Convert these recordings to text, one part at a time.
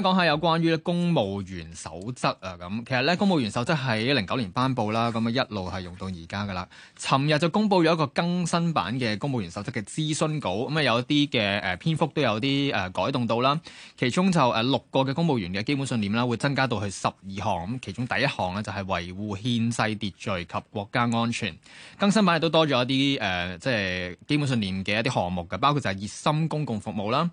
講下有關於公務員守則啊，咁其實咧公務員守則喺零九年頒布啦，咁啊一路係用到而家噶啦。尋日就公佈咗一個更新版嘅公務員守則嘅諮詢稿，咁啊有啲嘅誒篇幅都有啲誒改動到啦。其中就誒六個嘅公務員嘅基本信念啦，會增加到去十二項。咁其中第一項呢，就係維護憲制秩序及國家安全。更新版亦都多咗一啲誒，即係基本信念嘅一啲項目嘅，包括就係熱心公共服務啦。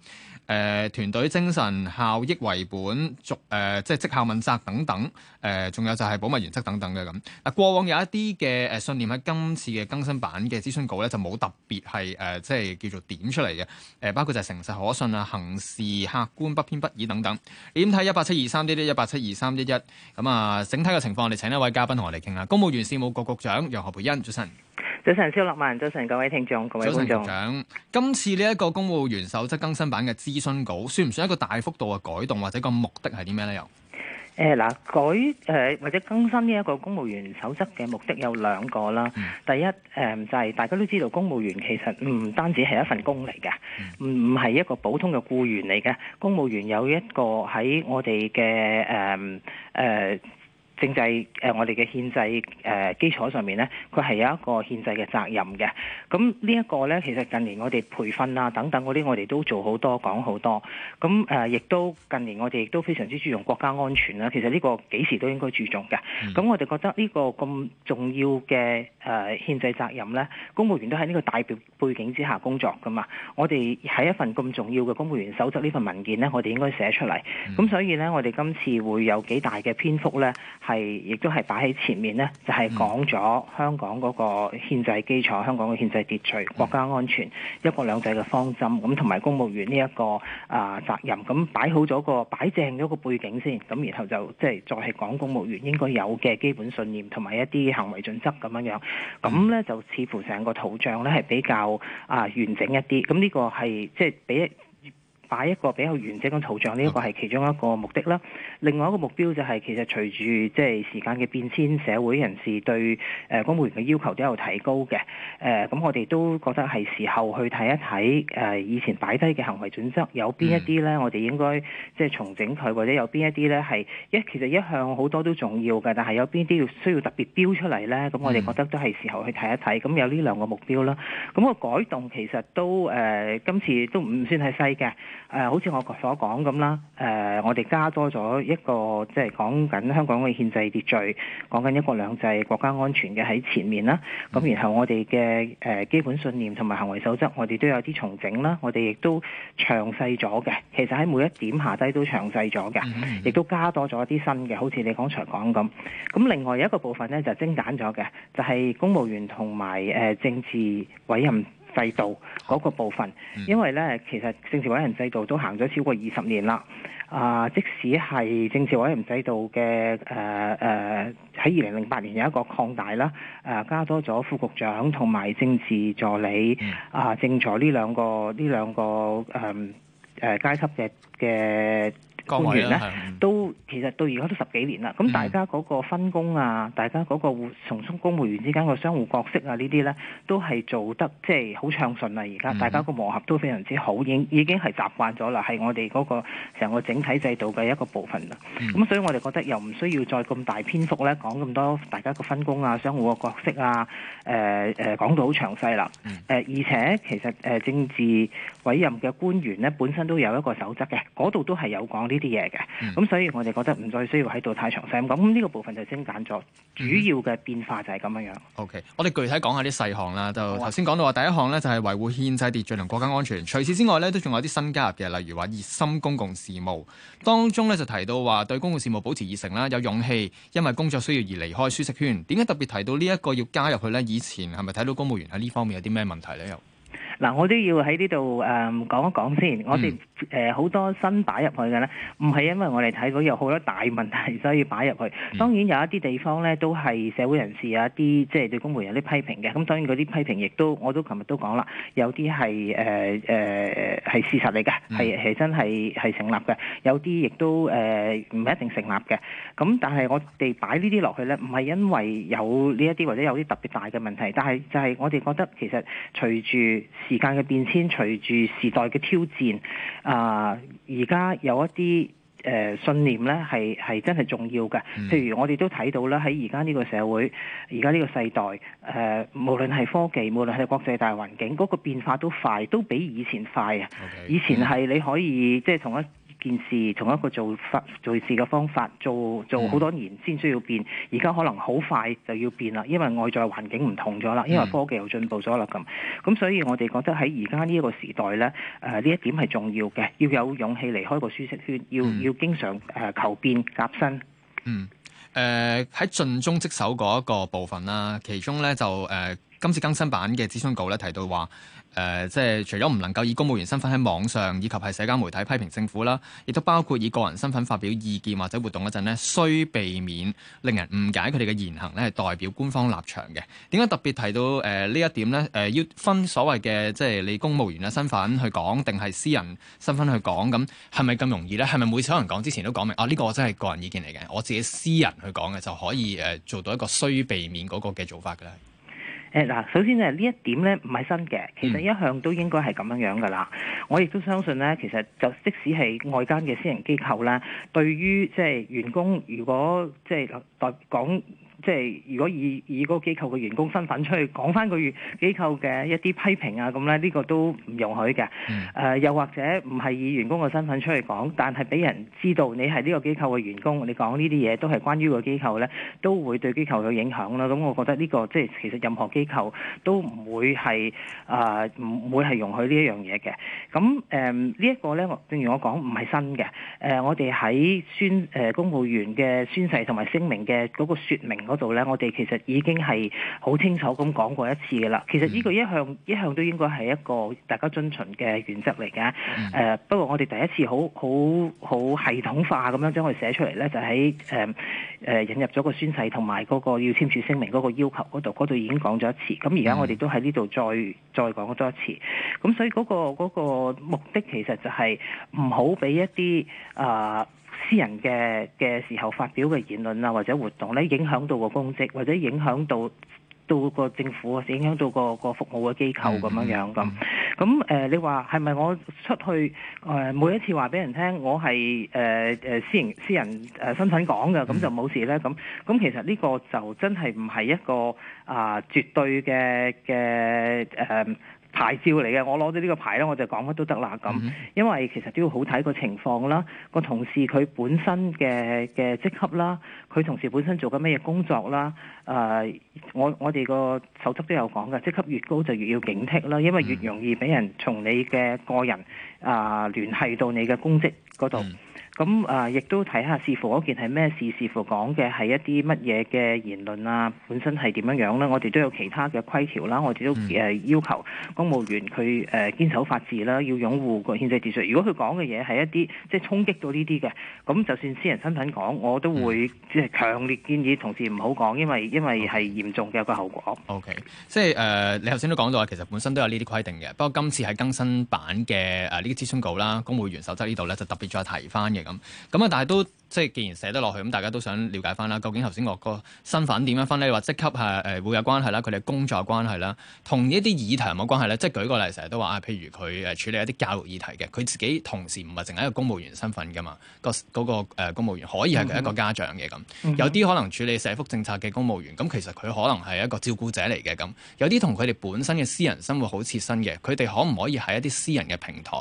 誒、呃、團隊精神、效益為本、逐誒、呃、即係績效問責等等，誒、呃、仲有就係保密原則等等嘅咁。嗱、呃、過往有一啲嘅誒信念喺今次嘅更新版嘅諮詢稿咧，就冇特別係誒、呃、即係叫做點出嚟嘅。誒、呃、包括就係誠實可信啊、行事客觀不偏不倚等等。你點睇，一八七二三一一一八七二三一一咁啊。整體嘅情況，我哋請一位嘉賓同我哋傾下。公務員事務局局、局長楊何蓓茵，早晨。早晨，蕭樂文，早晨各位聽眾，各位觀眾。早晨，局長，今次呢一個公務員守則更新版嘅諮詢稿，算唔算一個大幅度嘅改動，或者個目的係啲咩咧？又誒，嗱改誒或者更新呢一個公務員守則嘅目的有兩個啦。第一誒就係大家都知道，公務員其實唔單止係一份工嚟嘅，唔唔係一個普通嘅僱員嚟嘅。公務員有一個喺我哋嘅誒誒。政制誒、呃，我哋嘅憲制誒、呃、基礎上面呢，佢係有一個憲制嘅責任嘅。咁呢一個呢，其實近年我哋培訓啊等等嗰啲，我哋都做好多講好多。咁誒、呃，亦都近年我哋亦都非常之注重國家安全啦。其實呢個幾時都應該注重嘅。咁我哋覺得呢個咁重要嘅誒、呃、憲制責任呢，公務員都喺呢個大背背景之下工作噶嘛。我哋喺一份咁重要嘅公務員守則呢份文件呢，我哋應該寫出嚟。咁所以呢，我哋今次會有幾大嘅篇幅呢。係，亦都係擺喺前面咧，就係講咗香港嗰個憲制基礎、香港嘅憲制秩序、國家安全、一國兩制嘅方針，咁同埋公務員呢、這、一個啊、呃、責任，咁、嗯、擺好咗個擺正咗個背景先，咁、嗯、然後就即係、就是、再係講公務員應該有嘅基本信念同埋一啲行為準則咁樣樣，咁、嗯、咧、嗯、就似乎成個圖像咧係比較啊、呃、完整一啲，咁、嗯、呢、這個係即係畀。擺一個比較完整嘅圖像，呢一個係其中一個目的啦。另外一個目標就係其實隨住即係時間嘅變遷，社會人士對誒公務員嘅要求都有提高嘅。誒、呃、咁，我哋都覺得係時候去睇一睇誒、呃、以前擺低嘅行為準則有邊一啲咧，我哋應該即係重整佢，或者有邊一啲咧係一其實一向好多都重要嘅，但係有邊啲要需要特別標出嚟咧？咁我哋覺得都係時候去睇一睇。咁有呢兩個目標啦。咁、那個改動其實都誒、呃、今次都唔算係細嘅。誒、呃，好似我所講咁啦，誒、呃，我哋加多咗一個，即係講緊香港嘅憲制秩序，講緊一國兩制、國家安全嘅喺前面啦。咁然後我哋嘅誒基本信念同埋行為守則，我哋都有啲重整啦。我哋亦都詳細咗嘅，其實喺每一點下低都詳細咗嘅，亦都加多咗一啲新嘅，好似你剛才講咁。咁另外有一個部分咧就是，精簡咗嘅，就係、是，公務員同埋誒政治委任。制度嗰個部分，因為咧其實政治委員制度都行咗超過二十年啦。啊、呃，即使係政治委員制度嘅誒誒，喺二零零八年有一個擴大啦。誒、呃，加多咗副局長同埋政治助理啊，增咗呢兩個呢兩個誒誒、嗯呃、階級嘅嘅。官員咧的都其實到而家都十幾年啦，咁、嗯、大家嗰個分工啊，大家嗰個從屬公務員之間個相互角色啊，呢啲咧都係做得即係好暢順啊。而家大家個磨合都非常之好，已經已經係習慣咗啦，係我哋嗰個成個整體制度嘅一個部分啦。咁、嗯、所以我哋覺得又唔需要再咁大篇幅咧講咁多大家個分工啊、相互個角色啊，誒、呃、誒講到好詳細啦。誒、嗯、而且其實誒政治委任嘅官員咧本身都有一個守則嘅，嗰度都係有講呢啲嘢嘅，咁、嗯、所以我哋覺得唔再需要喺度太詳細咁講，咁呢個部分就精簡咗。主要嘅變化就係咁樣樣。O、okay, K，我哋具體講下啲細項啦。就頭先講到話第一項呢就係維護憲制秩序同國家安全。除此之外呢，都仲有啲新加入嘅，例如話熱心公共事務。當中呢就提到話對公共事務保持熱誠啦，有勇氣因為工作需要而離開舒適圈。點解特別提到呢一個要加入去呢？以前係咪睇到公務員喺呢方面有啲咩問題呢？嗱，我都要喺呢度誒講一講先。我哋誒好多新擺入去嘅咧，唔係因為我哋睇到有好多大問題，所以擺入去。當然有一啲地方咧，都係社會人士有一啲即係對公務員有啲批評嘅。咁當然嗰啲批評亦都，我都琴日都講啦，有啲係誒誒係事實嚟嘅，係係真係係成立嘅。有啲亦都誒唔、呃、一定成立嘅。咁但係我哋擺呢啲落去咧，唔係因為有呢一啲或者有啲特別大嘅問題，但係就係我哋覺得其實隨住時間嘅變遷，隨住時代嘅挑戰，啊，而家有一啲誒、信念咧，係係真係重要嘅。譬如我哋都睇到啦，喺而家呢個社會，而家呢個世代，誒，無論係科技，無論係國際大環境，嗰個變化都快，都比以前快啊！Okay, 以前係你可以、嗯、即係同一。件事同一個做法做事嘅方法做做好多年先需要變，而家、嗯、可能好快就要變啦，因為外在環境唔同咗啦，因為科技又進步咗啦咁，咁所以我哋覺得喺而家呢一個時代咧，誒、呃、呢一點係重要嘅，要有勇氣離開個舒適圈，要、嗯、要經常誒、呃、求變革新。身嗯，誒喺盡忠職守嗰一個部分啦，其中咧就誒、呃今次更新版嘅諮詢稿咧提到話，誒、呃、即係除咗唔能夠以公務員身份喺網上以及係社交媒體批評政府啦，亦都包括以個人身份發表意見或者活動嗰陣咧，須避免令人誤解佢哋嘅言行咧係代表官方立場嘅。點解特別提到誒呢、呃、一點呢？誒、呃、要分所謂嘅即係你公務員嘅身份去講，定係私人身份去講？咁係咪咁容易呢？係咪每次可能講之前都講明啊？呢、呢個真係個人意見嚟嘅，我自己私人去講嘅就可以誒、呃、做到一個須避免嗰個嘅做法㗎咧？誒嗱，首先咧呢一點咧唔係新嘅，其實一向都應該係咁樣樣噶啦。我亦都相信咧，其實就即使係外間嘅私人機構咧，對於即係員工，如果即係代講。即係如果以以嗰個機構嘅員工身份出去講返個業機構嘅一啲批評啊咁咧，呢、這個都唔容許嘅。誒、呃、又或者唔係以員工嘅身份出去講，但係俾人知道你係呢個機構嘅員工，你講呢啲嘢都係關於個機構咧，都會對機構有影響啦。咁、嗯、我覺得呢、這個即係其實任何機構都唔會係啊唔會係容許、嗯嗯這個、呢一樣嘢嘅。咁誒呢一個咧，正如我講唔係新嘅。誒、呃、我哋喺宣誒、呃、公務員嘅宣誓同埋聲明嘅嗰個説明。度咧，我哋其實已經係好清楚咁講過一次嘅啦。其實呢個一向一向都應該係一個大家遵循嘅原則嚟嘅。誒，不過我哋第一次好好好系統化咁樣將佢寫出嚟咧，就喺誒誒引入咗個宣誓同埋嗰個要簽署聲明嗰個要求嗰度，嗰度已經講咗一次。咁而家我哋都喺呢度再再講多一次。咁所以嗰個嗰個目的其實就係唔好俾一啲啊～私人嘅嘅時候發表嘅言論啊，或者活動咧，影響到個公職，或者影響到到個政府啊，影響到個個服務嘅機構咁樣樣咁。咁誒、 呃，你話係咪我出去誒、呃、每一次話俾人聽，我係誒誒私人私人誒身份講嘅，咁就冇事咧？咁咁 其實呢個就真係唔係一個啊、呃、絕對嘅嘅誒。牌照嚟嘅，我攞咗呢個牌咧，我就講乜都得啦咁。Mm hmm. 因為其實都要好睇個情況啦，個、mm hmm. 同事佢本身嘅嘅職級啦，佢同事本身做緊咩嘢工作啦？誒、呃，我我哋個守則都有講嘅，職級越高就越要警惕啦，因為越容易俾人從你嘅個人啊、呃、聯繫到你嘅公職嗰度。Mm hmm. 咁誒，亦、啊、都睇下，視乎嗰件係咩事，視乎講嘅係一啲乜嘢嘅言論啊，本身係點樣樣咧？我哋都有其他嘅規條啦，我哋都誒要求公務員佢誒堅守法治啦，要擁護個憲制秩序。如果佢講嘅嘢係一啲即係衝擊到呢啲嘅，咁就算私人身份講，我都會即係強烈建議同事唔好講，因為因為係嚴重嘅一個後果。O、okay, K，即係誒、呃，你頭先都講到啊，其實本身都有呢啲規定嘅，不過今次喺更新版嘅誒呢個諮詢稿啦，公務員守則呢度咧就特別再提翻嘅。咁啊！但係都即係，既然寫得落去，咁大家都想了解翻啦。究竟頭先我個身份點樣分呢？話即級係誒會有關係啦，佢哋工作關係啦，同一啲議題有冇關係咧？即係舉個例，成日都話啊，譬如佢誒處理一啲教育議題嘅，佢自己同時唔係淨係一個公務員身份噶嘛？嗰個、嗰個、呃、公務員可以係佢一個家長嘅咁，mm hmm. 有啲可能處理社福政策嘅公務員，咁其實佢可能係一個照顧者嚟嘅咁，有啲同佢哋本身嘅私人生活好切身嘅，佢哋可唔可以喺一啲私人嘅平台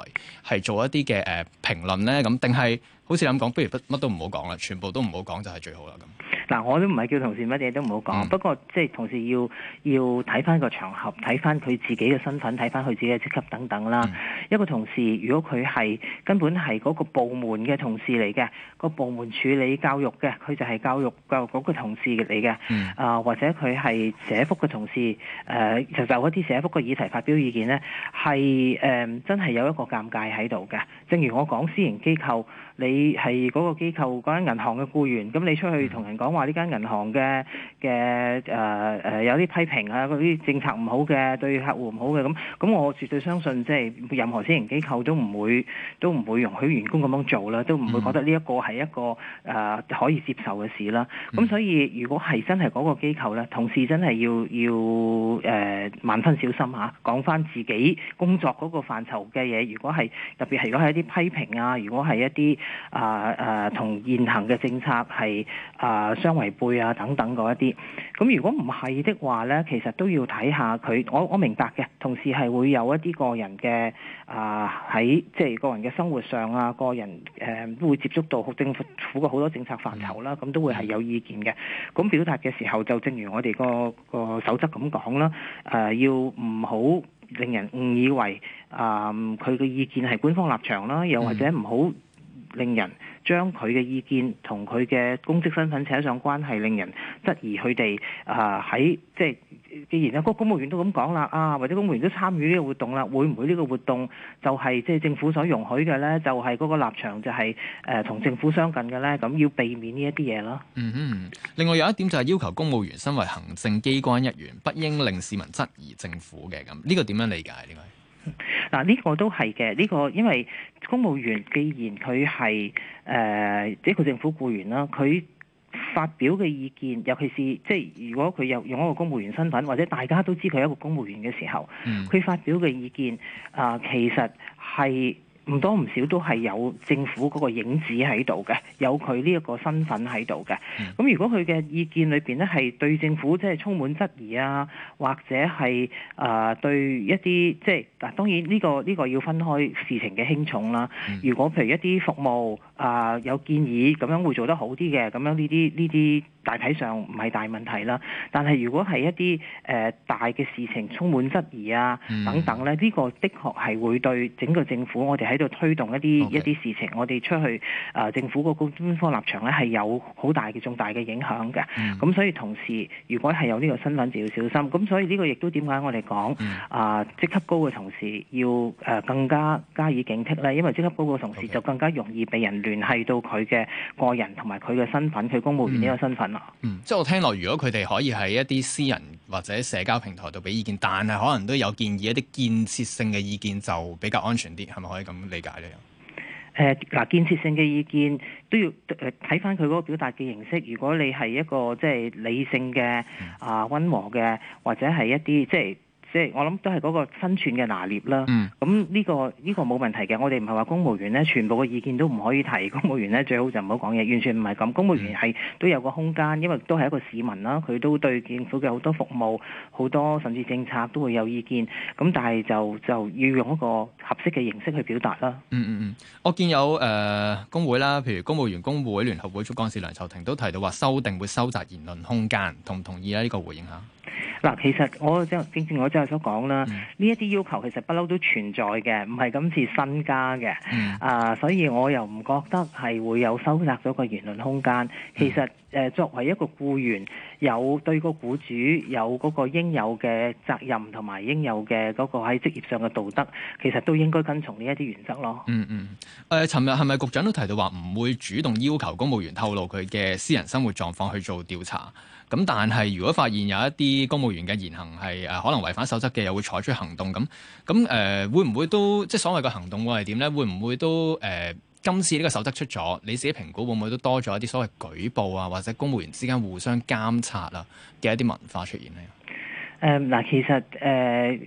係做一啲嘅誒評論咧？咁定係？好似咁講，不如乜都唔好講啦，全部都唔好講就係最好啦。咁嗱，我都唔係叫同事乜嘢都唔好講，嗯、不過即係、就是、同事要要睇翻個場合，睇翻佢自己嘅身份，睇翻佢自己嘅職級等等啦。嗯、一個同事如果佢係根本係嗰個部門嘅同事嚟嘅，個部門處理教育嘅，佢就係教育嘅嗰個同事嚟嘅。啊、嗯呃，或者佢係社福嘅同事，誒、呃、就就一啲社福嘅議題發表意見咧，係誒、呃、真係有一個尷尬喺度嘅。正如我講，私營機構。你係嗰個機構嗰間銀行嘅僱員，咁你出去同人講話呢間銀行嘅嘅誒誒有啲批評啊，嗰啲政策唔好嘅，對客戶唔好嘅，咁咁我絕對相信即係任何私人機構都唔會都唔會容許員工咁樣做啦，都唔會覺得呢一個係一個誒可以接受嘅事啦。咁所以如果係真係嗰個機構咧，同事真係要要誒、呃、萬分小心嚇、啊，講翻自己工作嗰個範疇嘅嘢。如果係特別係如果係一啲批評啊，如果係一啲，啊！啊，同現行嘅政策係啊，相違背啊，等等嗰一啲咁。如果唔係的話咧，其實都要睇下佢。我我明白嘅，同時係會有一啲個人嘅啊，喺即係個人嘅生活上啊，個人都、啊、會接觸到政府嘅好多政策範疇啦，咁都會係有意見嘅。咁表達嘅時候就正如我哋、嗰個、嗰個守則咁講啦，誒、啊、要唔好令人誤以為啊，佢嘅意見係官方立場啦，又或者唔好。令人將佢嘅意見同佢嘅公職身份扯上關係，令人質疑佢哋啊喺即係，既然啊個公務員都咁講啦，啊或者公務員都參與呢個活動啦，會唔會呢個活動就係即係政府所容許嘅呢？就係嗰個立場就係誒同政府相近嘅呢？咁要避免呢一啲嘢咯。嗯哼、嗯，另外有一點就係要求公務員身為行政機關一員，不應令市民質疑政府嘅，咁，呢個點樣理解呢個？嗱，呢個都係嘅，呢、呢個因為公務員既然佢係誒一個政府僱員啦，佢發表嘅意見，尤其是即係如果佢有用一個公務員身份，或者大家都知佢係一個公務員嘅時候，佢、嗯、發表嘅意見啊、呃，其實係。唔多唔少都係有政府嗰個影子喺度嘅，有佢呢一個身份喺度嘅。咁如果佢嘅意見裏邊咧，係對政府即係充滿質疑啊，或者係誒、呃、對一啲即係嗱，當然呢、這個呢、這個要分開事情嘅輕重啦。如果譬如一啲服務啊、呃、有建議咁樣會做得好啲嘅，咁樣呢啲呢啲大體上唔係大問題啦。但係如果係一啲誒、呃、大嘅事情充滿質疑啊等等咧，呢、這個的確係會對整個政府我哋喺喺度推動一啲一啲事情，Okay. 我哋出去啊、呃，政府個公官方立場咧係有好大嘅重大嘅影響嘅。咁、嗯、所以同時，如果係有呢個身份，就要小心。咁所以呢個亦都點解我哋講啊，職級、嗯呃、高嘅同事要誒、呃、更加加以警惕咧，因為職級高嘅同事就更加容易被人聯繫到佢嘅個人同埋佢嘅身份，佢公務員呢個身份啦、嗯。嗯，即係我聽落，如果佢哋可以喺一啲私人或者社交平台度俾意見，但係可能都有建議一啲建設性嘅意見就比較安全啲，係咪可以咁？理解咧，誒嗱、呃、建設性嘅意見都要誒睇返佢嗰個表達嘅形式。如果你係一個即係、就是、理性嘅啊、呃、溫和嘅，或者係一啲即係。就是即係我諗都係嗰個生存嘅拿捏啦。咁呢、嗯這個呢、這個冇問題嘅。我哋唔係話公務員咧，全部嘅意見都唔可以提。公務員咧最好就唔好講嘢，完全唔係咁。公務員係、嗯、都有個空間，因為都係一個市民啦，佢都對政府嘅好多服務、好多甚至政策都會有意見。咁但係就就要用一個合適嘅形式去表達啦。嗯嗯嗯，我見有誒工、呃、會啦，譬如公務員工會聯合會、總幹事、梁籌庭都提到話修訂會收窄言論空間，同唔同意咧？呢、這個回應下。嗱，其實我正正我正話所講啦，呢一啲要求其實不嬲都存在嘅，唔係今次新加嘅。嗯、啊，所以我又唔覺得係會有收窄咗個言論空間。其實誒、呃，作為一個僱員，有對個僱主有嗰個應有嘅責任，同埋應有嘅嗰個喺職業上嘅道德，其實都應該跟從呢一啲原則咯。嗯嗯。誒、嗯，呃、尋日係咪局長都提到話唔會主動要求公務員透露佢嘅私人生活狀況去做調查？咁但係如果發現有一啲公務員嘅言行係誒可能違反守則嘅，又會採取行動咁。咁誒、呃、會唔會都即係所謂嘅行動會係點咧？會唔會都誒、呃、今次呢個守則出咗，你自己評估會唔會都多咗一啲所謂舉報啊，或者公務員之間互相監察啊嘅一啲文化出現咧？誒嗱、嗯，其實誒。呃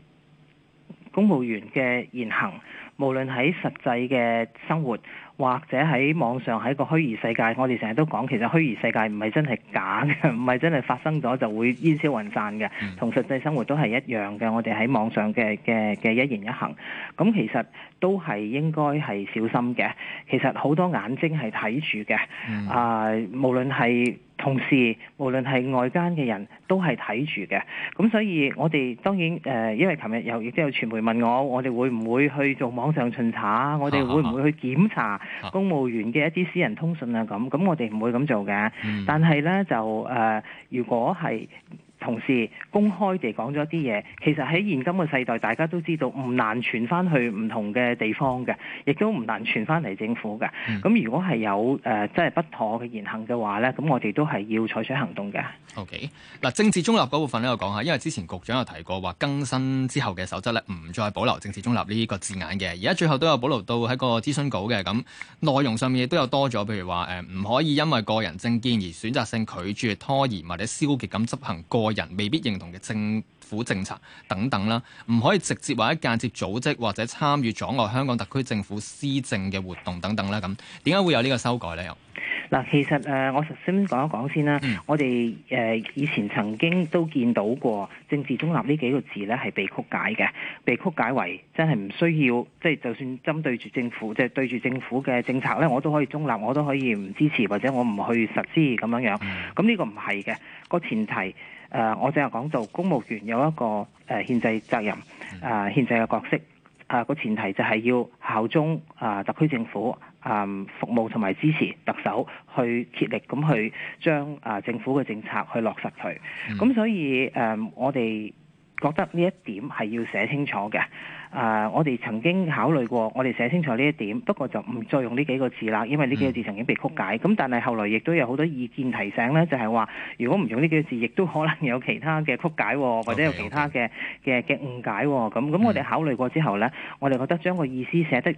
公務員嘅言行，無論喺實際嘅生活或者喺網上喺個虛擬世界，我哋成日都講，其實虛擬世界唔係真係假嘅，唔係真係發生咗就會煙消雲散嘅，同實際生活都係一樣嘅。我哋喺網上嘅嘅嘅一言一行，咁其實都係應該係小心嘅。其實好多眼睛係睇住嘅，啊，mm hmm. 呃，無論係。同時，無論係外間嘅人都係睇住嘅，咁所以我哋當然誒、呃，因為琴日又亦都有傳媒問我，我哋會唔會去做網上巡查？我哋會唔會去檢查公務員嘅一啲私人通訊啊？咁咁我哋唔會咁做嘅，嗯、但係呢，就誒、呃，如果係。同事公開地講咗啲嘢，其實喺現今嘅世代，大家都知道唔難傳翻去唔同嘅地方嘅，亦都唔難傳翻嚟政府嘅。咁、嗯、如果係有誒即係不妥嘅言行嘅話咧，咁我哋都係要採取行動嘅。OK，嗱政治中立嗰部分咧，我講下，因為之前局長有提過話更新之後嘅守則咧，唔再保留政治中立呢個字眼嘅。而家最後都有保留到喺個諮詢稿嘅，咁內容上面亦都有多咗，譬如話誒唔可以因為個人政見而選擇性拒絕拖延或者消極咁執行個人未必認同嘅政府政策等等啦，唔可以直接或者間接組織或者參與阻礙香港特區政府施政嘅活動等等啦。咁點解會有呢個修改咧？嗱，其實誒我首先講一講先啦。我哋誒、嗯、以前曾經都見到過政治中立呢幾個字咧，係被曲解嘅，被曲解為真係唔需要，即係就算針對住政府，即、就、係、是、對住政府嘅政策咧，我都可以中立，我都可以唔支持或者我唔去實施咁樣樣。咁呢、嗯、個唔係嘅個前提。誒，我淨係講到公務員有一個誒憲制責任，誒憲制嘅角色，啊、呃、個前提就係要效忠啊、呃、特區政府，嗯、呃、服務同埋支持特首，去竭力咁去將啊、呃、政府嘅政策去落實佢。咁、嗯、所以誒、呃，我哋覺得呢一點係要寫清楚嘅。誒，uh, 我哋曾經考慮過，我哋寫清楚呢一點，不過就唔再用呢幾個字啦，因為呢幾個字曾經被曲解。咁、嗯、但係後來亦都有好多意見提醒呢，就係、是、話如果唔用呢幾個字，亦都可能有其他嘅曲解，或者有其他嘅嘅嘅誤解。咁咁我哋考慮過之後呢，嗯、我哋覺得將個意思寫得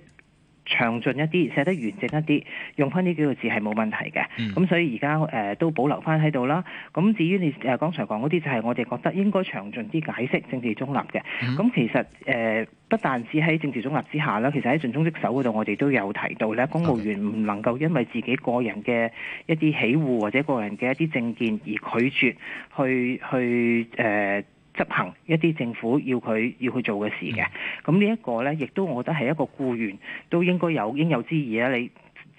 詳盡一啲，寫得完整一啲，用翻呢幾個字係冇問題嘅。咁、嗯、所以而家誒都保留翻喺度啦。咁至於你誒剛才講嗰啲，就係、是、我哋覺得應該詳盡啲解釋政治中立嘅。咁、嗯、其實誒、呃、不但止喺政治中立之下啦，其實喺盡忠職守嗰度，我哋都有提到咧，公務員唔能夠因為自己個人嘅一啲喜惡或者個人嘅一啲政見而拒絕去去誒。呃執行一啲政府要佢要去做嘅事嘅，咁呢一個咧，亦都我覺得係一個僱員，都應該有應有之義啦，你。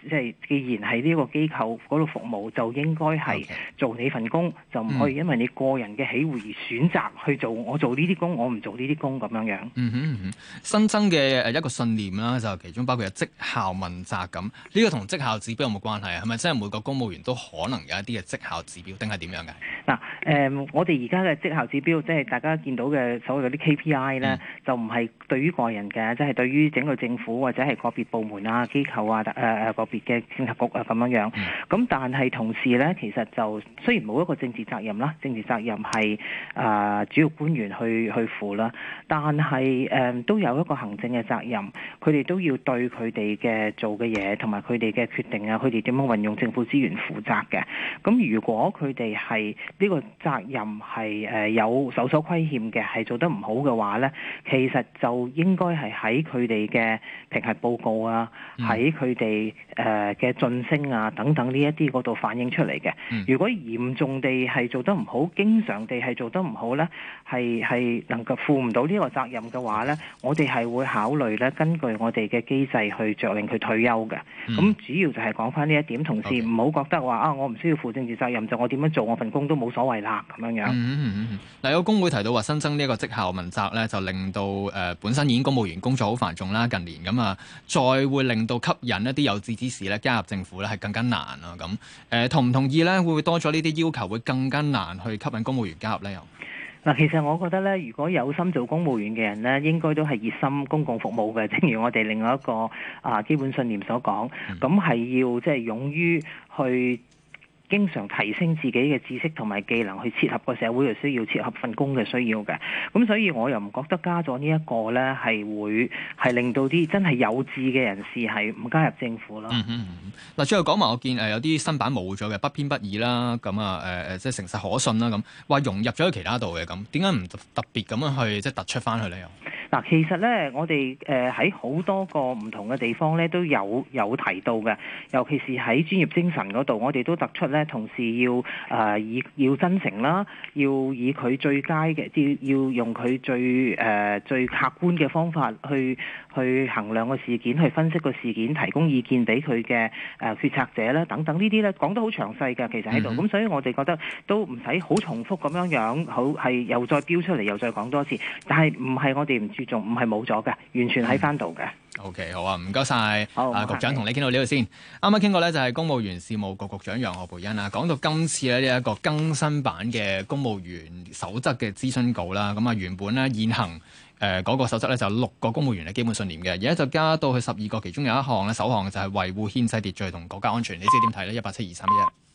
即係既然係呢個機構嗰度服務，就應該係做你份工，Okay. 就唔可以因為你個人嘅喜惡而選擇去做我做呢啲工，我唔做呢啲工咁樣樣。嗯哼，嗯哼，新增嘅一個信念啦，就其中包括有績效問責咁。呢、呢個同績效指標有冇關係啊？係咪真係每個公務員都可能有一啲嘅績效指標，定係點樣嘅？嗱，誒，我哋而家嘅績效指標，即係大家見到嘅所謂嗰啲 KPI 咧、嗯，就唔係對於個人嘅，即係對於整個政府或者係個別部門啊機構啊誒個。呃嘅政策局啊，咁樣樣。咁但係同時咧，其實就雖然冇一個政治責任啦，政治責任係啊、呃、主要官員去去負啦，但係誒、呃、都有一個行政嘅責任，佢哋都要對佢哋嘅做嘅嘢同埋佢哋嘅決定啊，佢哋點樣運用政府資源負責嘅。咁如果佢哋係呢個責任係誒有所所虧欠嘅，係做得唔好嘅話咧，其實就應該係喺佢哋嘅評核報告啊，喺佢哋。嗯誒嘅、啊、晉升啊，等等呢一啲嗰度反映出嚟嘅。如果嚴重地係做得唔好，經常地係做得唔好呢，係係能夠負唔到呢個責任嘅話呢，我哋係會考慮咧，根據我哋嘅機制去著令佢退休嘅。咁、嗯、主要就係講翻呢一點，同事唔好覺得話啊，我唔需要負政治責任，就我點樣做我份工都冇所謂啦咁樣樣。嗱有工會提到話新增呢一個績效問責呢，就令到誒、呃、本身已經公務員工作好繁重啦，近年咁啊，再會令到吸引一啲有志之。市咧加入政府咧係更加難咯、啊、咁，誒、呃、同唔同意咧？會唔會多咗呢啲要求會更加難去吸引公務員加入咧？又嗱，其實我覺得咧，如果有心做公務員嘅人咧，應該都係熱心公共服務嘅，正如我哋另外一個啊基本信念所講，咁係要即係、就是、勇於去。經常提升自己嘅知識同埋技能，去切合個社會嘅需要，切合份工嘅需要嘅。咁所以我又唔覺得加咗呢一個呢，係會係令到啲真係有志嘅人士係唔加入政府咯。嗱、嗯嗯嗯啊，最後講埋，我見誒、呃、有啲新版冇咗嘅不偏不倚啦，咁啊誒誒，即係誠實可信啦，咁、呃、話融入咗喺其他度嘅咁，點解唔特別咁樣去即係突出翻去呢？又嗱，其實呢，我哋誒喺好多個唔同嘅地方呢，都有有提到嘅，尤其是喺專業精神嗰度，我哋都突出呢。同時要誒以、呃、要真誠啦，要以佢最佳嘅，要要用佢最誒、呃、最客觀嘅方法去去衡量個事件，去分析個事件，提供意見俾佢嘅誒決策者啦，等等呢啲咧講得好詳細嘅，嗯、其實喺度。咁所以我哋覺得都唔使好重複咁樣樣，好係又再標出嚟，又再講多次。但係唔係我哋唔注重，唔係冇咗嘅，完全喺返度嘅。O.K. 好啊，唔該曬啊，問局長同你傾到呢度先。啱啱傾過咧，就係公務員事務局局、局長楊何蓓茵。嗱，講到今次咧呢一個更新版嘅公務員守則嘅諮詢稿啦，咁啊原本呢，現行誒嗰個守則呢，就六個公務員嘅基本信念嘅，而家就加到去十二個，其中有一項呢，首項就係維護憲制秩序同國家安全，你知點睇呢？一八七二三一。